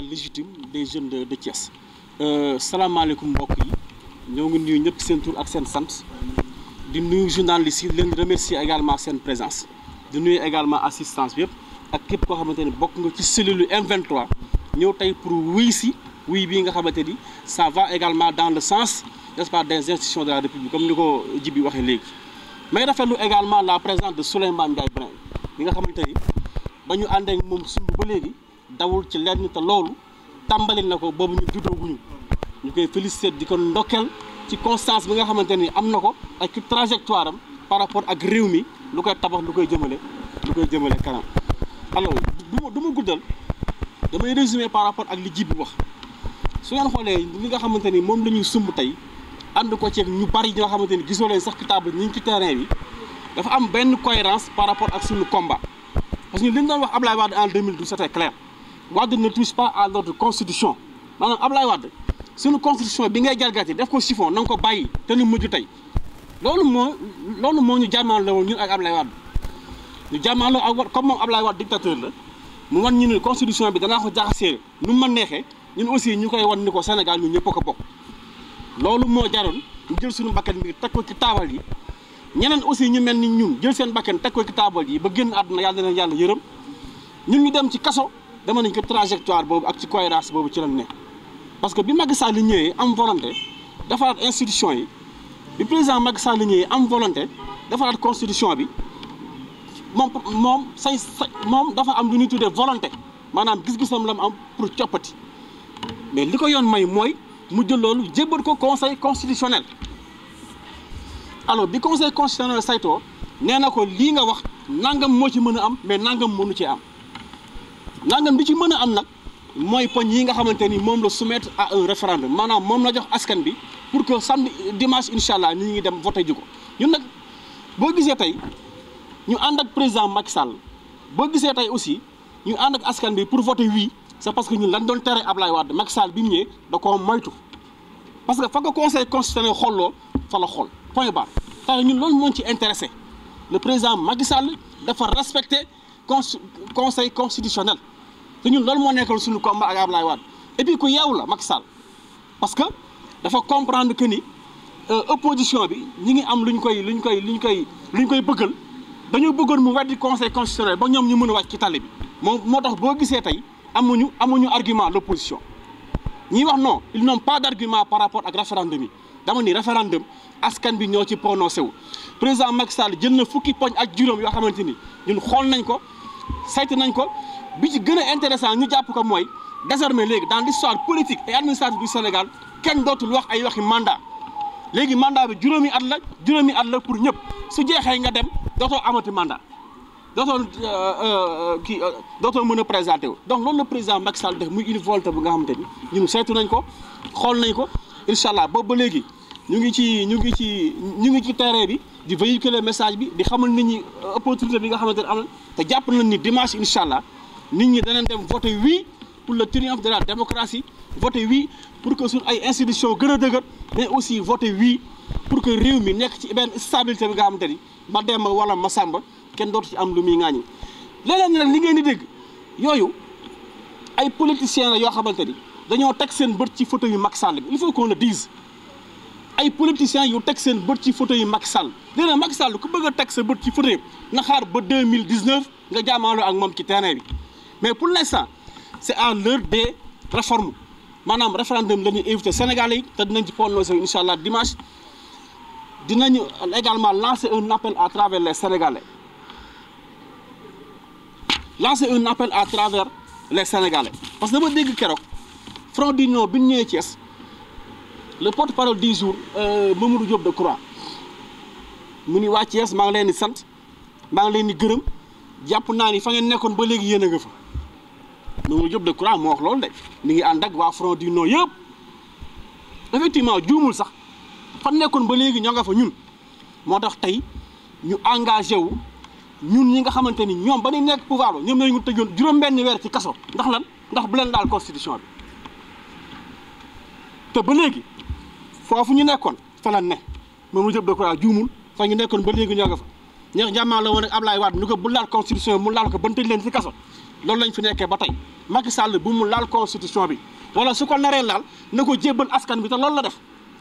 voix légitime des jeunes de de Thiès. Euh, salaamaaleykum mbokk yi ñoo ngi nuyu ñëpp seen tur ak seen sant di nuyu journaliste leen remercier également seen présence di nuyu également assistance bi yëpp ak képp koo xamante ni bokk nga ci cellule m ñëw tey pour wuy si wuy bii nga xamante ni ça va également dans le sens n'est-ce pas des institutions de la République comme ni ko Jibi waxee léegi. may rafetlu également la présence de Souleymane Ndiaye Brin bi nga xamante ni ba ñu ànd moom sumb ba léegi. dawul ci lenn te loolu tàmbali na ko boobu ñu juddooguñu ñu koy félicité di ko ndokkeel ci constance bi nga xamante ni am na ko ak ci trajectoire par rapport ak réew mi lu koy tabax lu koy jëmale lu koy jëmale kanam alors du ma du ma guddal damay résumer par rapport ak li ji bi wax su ngeen xoolee li nga xamante ni moom la ñuy sumb tey ànd ko ci ñu bari ñoo xamante ni gisoo leen sax kitaab ñu ngi ci terrain bi dafa am benn cohérence par rapport ak suñu combat parce que li ñu doon wax Ablaye Wade Wade ne touche pas a notre constitution maanaam Ablaye Wade suñu constitution bi ngay jalgati def ko chiffon na ko bàyyi te nu mujj tey loolu moo loolu moo ñu jàmmaarloo woon ñu ak Ablaye Wade ñu jàmmaarloo ak Wade comme moom Ablaye Wade dictateur la mu wan ñu ne constitution bi danaa ko jaxasee nu mu ma neexee ñun aussi ñu koy wan ni ko Sénégal ñu ñëpp ko bokk loolu moo jaroon ñu jël suñu bakkan bi teg ko ci taabal yi ñeneen aussi ñu mel ni ñun jël seen bakkan teg ci taabal yi ba génn àdduna yàlla na leen yàlla ñun ñu dem ci kaso. dama nañ ko trajectoire boobu ak ci cohérence boobu ci lañ ne parce que bi Macky Sall ñëwee am volonté defaraat institution yi bi président Macky Sall ñuy am volonté defaraat constitution bi moom moom say moom dafa am lu ñuy tuddee volonté maanaam gis-gisam la mu am pour coppati mais li ko yoon may mooy mu jël loolu jébbal ko conseil constitutionnel alors bi conseil constitutionnel saytoo nee na ko lii nga wax nangam moo ci mën a am mais nangam mënu ci am. nangam bi ci mën a am nag mooy poñ yi nga xamante ni moom la soumettre à un référendum maanaam moom la jox askan bi pour que samedi dimanche incha allah ñi ngi dem voté ji ko ñu nag boo gisee tey ñu ànd ak président Macky Sall boo gisee tey aussi ñu ànd ak askan bi pour voté oui c'est parce que ñun lañ doon tere Ablaye Wade Macky Sall bi mu ñëwee da koo moytu parce que fa ko conseil constitutionnel xolloo fa la xool point barre tey ñun loolu moo ci intéressé le président Macky Sall dafa respecté conseil constitutionnel. te ñun loolu moo nekkal suñu combat ak Ablaye Wade waat puis ku yeewu la Macky saal parce que dafa comprendre que ni euh, opposition bi ñu ngi am lu ñu koy lu ñu koy lu ñu koy lu koy bëggal dañoo bëggoon mu weddi conseil constitutionnel ba ñoom ñu mën a wàcc ci tali bi. moom moo tax boo gisee tey amuñu amuñu argument l'opposition ñiy wax non ils n'ont pas d'argument par rapport ak référendum yi dama ni référendum askan bi ñoo ci prononcé wu. président Macky Sall jël na fukki poñ ak juróom yoo xamante ni ñun xool nañ ko saytu nañ ko. bi ci gën intéressant ñu jàpp ko mooy désormais léegi dans l'histoire politique et administrative du Sénégal kenn dootul wax ay waxi mandat léegi mandat bi juróomi at la juróomi at la pour ñëpp su jeexee nga dem dootoo amati mandat dootoo euh, euh, kii euh, dootoo mën a présenté wu donc loolu na président Macky Sall def muy une bi nga xamante ni ñun saytu nañ ko xool nañ ko incha allah boobu ba léegi ñu ngi ci ñu ngi ci ñu ngi ci terrain bi di véhiculer message bi di xamul ni ñi opportunité bi nga xamante ne am te jàpp nañ ni dimanche incha allah. nit ñi danañ dem voter oui pour le triomphe de la démocratie voter wii pour que suñ ay institution gën a dëgër mais aussi voter oui pour que réew mi nekk ci benn stabilité bi nga xamante ni ma dem wala ma sàmba kenn dootu ci am lu muy ŋaañi leneen nag li ngeen di dégg yooyu ay politiciens la yoo xamante ni dañoo teg seen bët ci photo yu Macky Sall bi il faut qu'on le dise ay politiciens yu teg seen bët ci photo yu Macky Sall léeg-léeg Macky ku bëgg teg sa bët ci photo na xaar ba deux mille dix-neuf nga jaamaaloo ak moom ci terrain bi. mais pour les l'instant c'est à l'heure des réformes maanaam référendum la ñuy invité Sénégalais yi te dinañ ci prononcé incha allah dimanche dinañu également lancer un appel à travers les Sénégalais lancer un appel à travers les Sénégalais parce que dama dégg keroog Front d'Union bi ñu ñëwee Thiès le porte-parole du jour euh, Mamadou Diop de Croix mu ni waa Thiès maa ngi leen di sant maa ngi leen di gërëm jàpp naa ni fa ngeen nekkoon ba léegi yéen a nga fa. jëpp Diop Decroix moo wax loolu de mi ngi ànd ak waa front du non yëpp effectivement juumul sax fan nekkoon ba léegi ñoo nga fa ñun moo tax tey ñu engagé wu ñun ñi nga xamante ni ñoom ba ñu nekk pouvoir ba ñu tëjoon juróom-benni weer ci kaso ndax lan ndax bu leen daal constitution bi te ba léegi foofu ñu nekkoon fa la ne Mamadou Diop Decroix juumul fa ñu nekkoon ba léegi ñoo nga fa ñeex jàmmaa la woon ak Ablaye Wade ñu ko bu laal constitution bi mu laal ko ba ñu tëj leen ci kaso loolu lañ fi nekkee ba tey Macky Sall bu mu laal constitution bi wala su ko naree laal na ko jébbal askan bi te loolu la def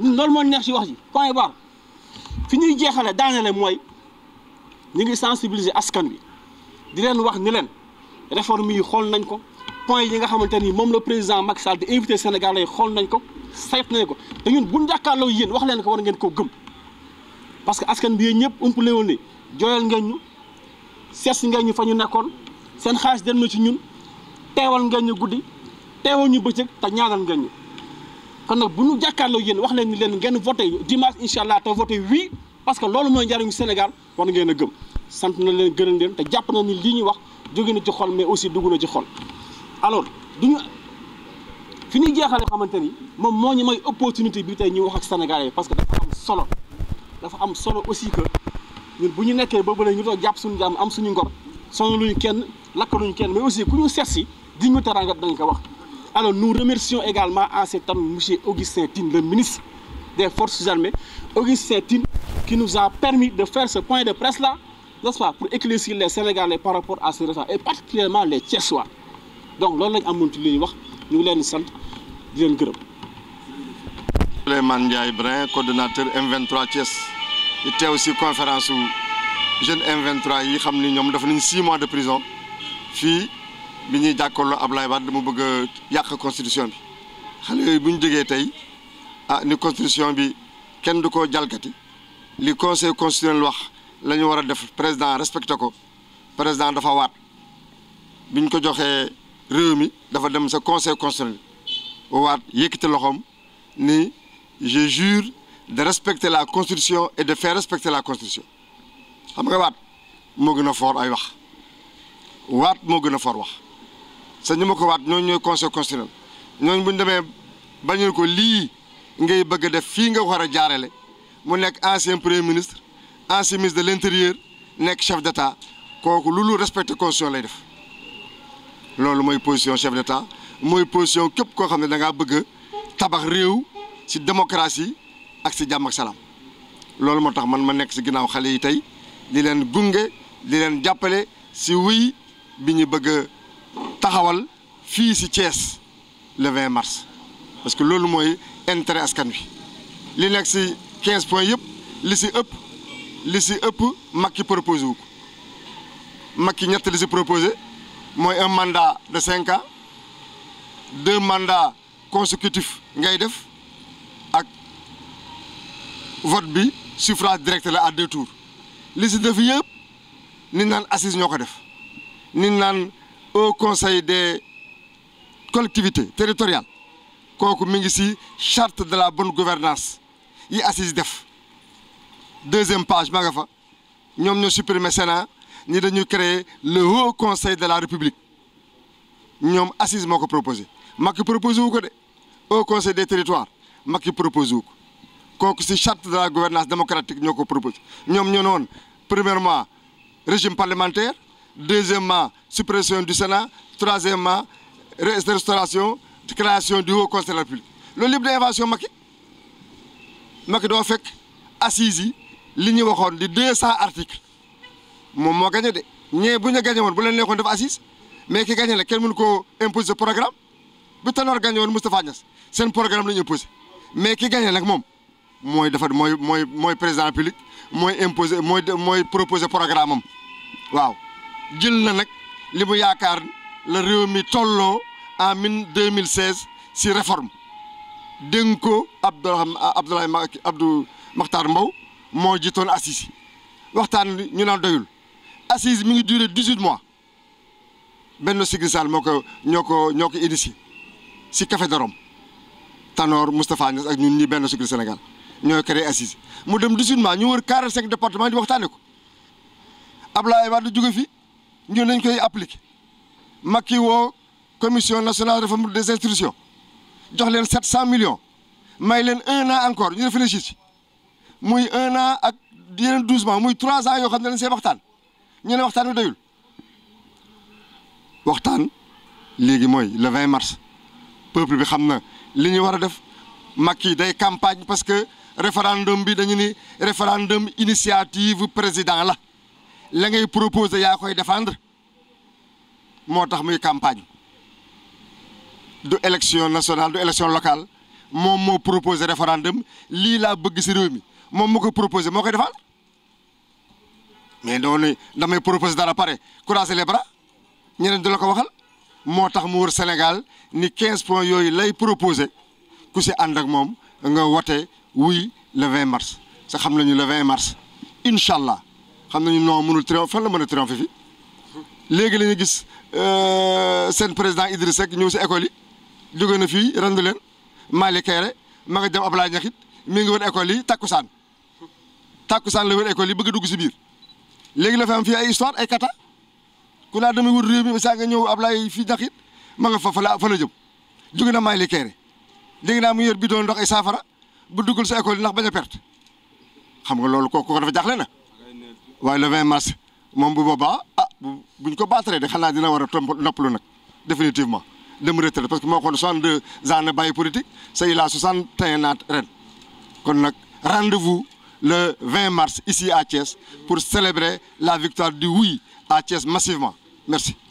ñun loolu moo neex ci wax ji point barre fi ñuy jeexale daanele mooy ñu ngi sensibiliser askan bi di leen wax ni leen réforme yi xool nañ ko point yi nga xamante nii moom la président Macky Sall di invité sénégale lay xool nañ ko sayt nañ ko te ñun bu jàkkaarloo yéen wax leen ko war ngeen koo gëm parce que askan bi yéen ñëpp umpale woon ni jooyal ngeen ñu sees ngeen ñu fa ñu nekkoon seen xaalis dem na ci ñun teewal ngeen ñu guddi teewal ñu bëccëg te ñaanal ngeen ñu kon nag bu ñu jàkkaarloo yéen wax leen ni leen ngeen voté dimanche incha allah te voté oui parce que loolu mooy njariñu Sénégal war ngeen a gëm sant na leen gërëm leen te jàpp na ni lii ñuy wax jóge ci xol mais aussi dugg na ci xol alors ñu fi ñuy jeexale xamante ni moom moo ñu may opportunité bi tey ñuy wax ak Sénégalais parce que dafa am solo dafa am solo aussi que bu ñu nekkee boobu la ñu doon jàpp suñu jàmm am suñu ngor sonoluñu kenn lakkaluñu kenn mais aussi ku ñu seet si di ñu teraanga dañ ko wax alors nous remercions également en ces termes monsieur Augustin Tine le ministre des forces armées Augustin Tine qui nous a permis de faire ce point de presse là n'est-ce pour éclaircir les Sénégalais par rapport à ce récent et particulièrement les Thiessois donc loolu lañ amoon ci li ñuy wax ñu ngi leen di sant di leen gërëm. Souleymane Ndiaye Brin coordonnateur m teew si conférence su. jeune M23 yi xam ni ñoom dafa nañ six mois de prison fii bi ñuy jàkkaarloo Ablaye Wade mu bëgg yàq constitution bi xale yooyu bu ñu jógee tey ah ni constitution bi kenn du ko jalgati li conseil lu wax la ñu war a def président respecté ko président dafa waat bi ñu ko joxee réew mi dafa dem sa conseil constitutionnel waat yëkkati loxoom ni je jure de respecter la constitution et de faire respecter la constitution xam nga waat moo gën a foor ay wax waat moo gën a foor wax sa ñu ma ko waat ñooñu ñooy conseil constitutionnel ñooñu bu ñu demee bañul ko lii ngay bëgg a def fii nga war a jaarale mu nekk ancien premier ministre ancien ministre de l'intérieur nekk chef d'état kooku lu lu respecté constitution lay def loolu mooy position chef d'état mooy position képp koo xam ne da ngaa bëgg tabax réew ci démocratie ak ci jàmm ak salaam loolu moo tax man ma nekk ci ginnaaw xale yi tey li leen gunge li leen jàppale si wuy bi ñu bëgg a taxawal fii si Thiès le 20 mars parce que loolu mooy intérêt askan wi li nekk si 15 points yëpp li si ëpp li si ëpp Macky proposé wu ko Macky ñett li si proposé mooy un mandat de cinq ans deux mandats consécutifs ngay def ak vote bi suffrage direct la à deux tours li si def yëpp ni naan assise ñoo ko def ni naan au conseil des collectivités territoriales kooku mi ngi si charte de la bonne gouvernance yi assise def deuxième page ma fa ñoom ñoo supprimer Sénat ñi dañuy créer le haut conseil de la république ñoom assise moo ko proposé Macky proposé wu ko de haut conseil des territoires Macky proposé wu ko kooku si charte de la gouvernance démocratique ñoo ko proposé ñoom ñoo ne premièrement régime parlementaire deuxièmement suppression du Sénat troisièmement restauration création du Haut Conseil de la République loolu yëpp day invention Macky Macky doo fekk assises yi li ñu waxoon di deux cent articles moom moo gagné de ñee bu ñu gagné woon bu leen neexoon def assise mais ki gagné la kenn mënu koo imposer programme bu Tanor gagné woon Moustapha Niass seen programme la ñu imposé mais ki gagné nag moom mooy dafa mooy mooy mooy président république mooy imposé mooy mooy proposé programme waaw jël na nag li mu yaakaar la réew mi tolloo en min 2016 si réforme dénk ko Abdoulaye Abdoulaye Abdou Makhtar Mbow moo jiitoon assise waxtaan ñu naan doyul assise mi ngi duré 18 mois benn Sigri Sall moo ko ñoo ko ñoo ko initié si Café de Rome Tanor ak ñun ñi benn Sigri Sénégal ñooy créé assise mu dem 18 mois ñu wër 45 département di waxtaane ko ay Wade jóge fi ñu dañ koy appliqué Macky woo commission nationale de réforme des institutions jox leen 700 millions may leen un encore ñu réfléchir ci muy un an ak yeneen 12 mois muy 3 ans yoo xam ne dañ see waxtaan ñu ne waxtaan bi doyul waxtaan léegi mooy le 20 mars peuple bi xam na li ñu war a def Macky day campagne parce que. référendum bi dañu ni référendum initiative président la la ngay proposé yaa koy défendre moo tax muy campagne du élection nationale du élection locale moom moo proposer référendum lii laa bëgg si réew mi moom mu ko proposer moo koy défendre mais doonu damay proposer dara pare croiser les bras ñeneen du la ko waxal moo tax mu wër Sénégal ni quinze points yooyu lay proposé ku si ànd ak moom nga wote oui le 20 mars sa xam na ñu le 20 mars incha allah xam ñu non mënul triomphe fan la mën a triomphe fi léegi la ñu gis euh, seen président Idrissa Seck ñëw si école yi jóge na fii rendu leen Mali Kéré ma nga dem Ablaye Niakhit mi ngi wër école yi takkusaan takkusaan la wër yi bëgg dugg si biir léegi la fa am fii ay histoire ay kata ku laa demee saa nga ñëw Ablaye fii Niakhit ma nga fa la fa la jëm jóge na Mali Kéré dégg naa mu yor bidon ndox ay saafara bu duggul sa école yi ndax bañ a perte xam nga loolu kooku ko dafa jaaxle na waaye le vingt mars moom bu boobaa ah buñ ko baataree de xanaa dina war a tomb noppalu nag définitivement dem retraite parce que moo xoon 62 ans na bàyyi politique sa il a 61 ans ren kon nag rendez-vous le 20 mars ici à Thiès pour célébrer la victoire du oui à Thiès massivement merci